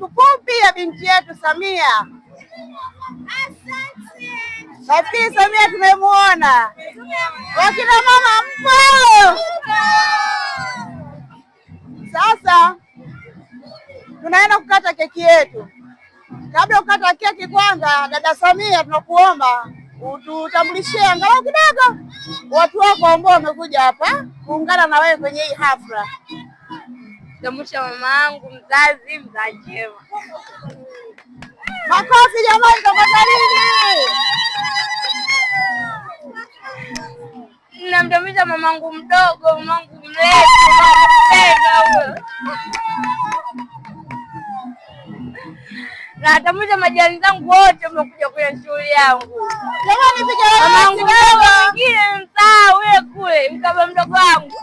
tukupi ya binti yetu Samia. Nafikiri Samia tumemwona. Wakina mama mpo? Sasa tunaenda kukata keki yetu. Kabla kukata keki, kwanza dada Samia, tunakuomba ututambulishie angalau kidogo watu wako ambao wamekuja hapa kuungana na wewe kwenye hii hafla. Tamusha mama yangu mzazi, mzazi njema. Makofi jamani, tafadhali. Namtambulisha mamangu mdogo, mamangu mlezi, natambulisha majirani zangu wote mekuja kwenye shughuli yangu. Mamangu mdogo mwingine msahau yule kule, mkaba mdogo wangu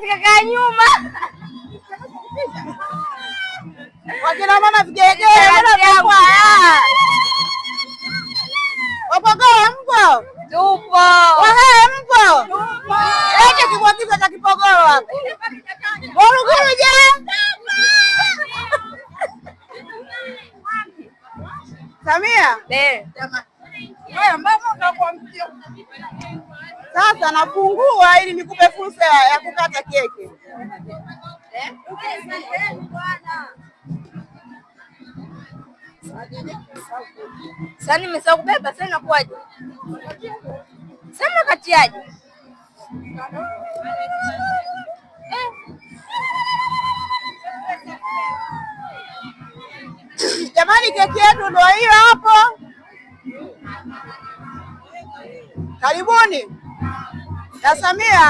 zikakaa nyuma, wakina mama vigelegele Wapogoa mpo? Tupo. Wahaya mpo? Tupo. Lete kibwagizo cha kipogoa hapa. Morogoro je? Samia? Eh. Wewe mbona unakuwa mtio? Sasa nafungua ili nikupe fursa ya kukata keki. Sasa nimesahau kubeba, sasa inakuwaje? Sema katiaje? Jamani, keki yetu ndio hiyo hapo. Karibuni ya Samia,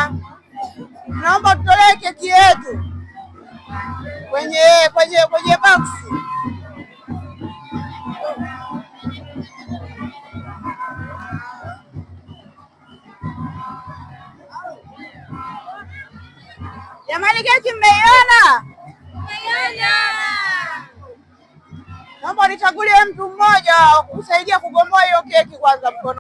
naomba tutolee keki yetu kwenye kwenye kwenye boksi jamani, keki mmeiona? Naomba nichagulie mtu mmoja kusaidia kugomboa hiyo keki kwanza mkono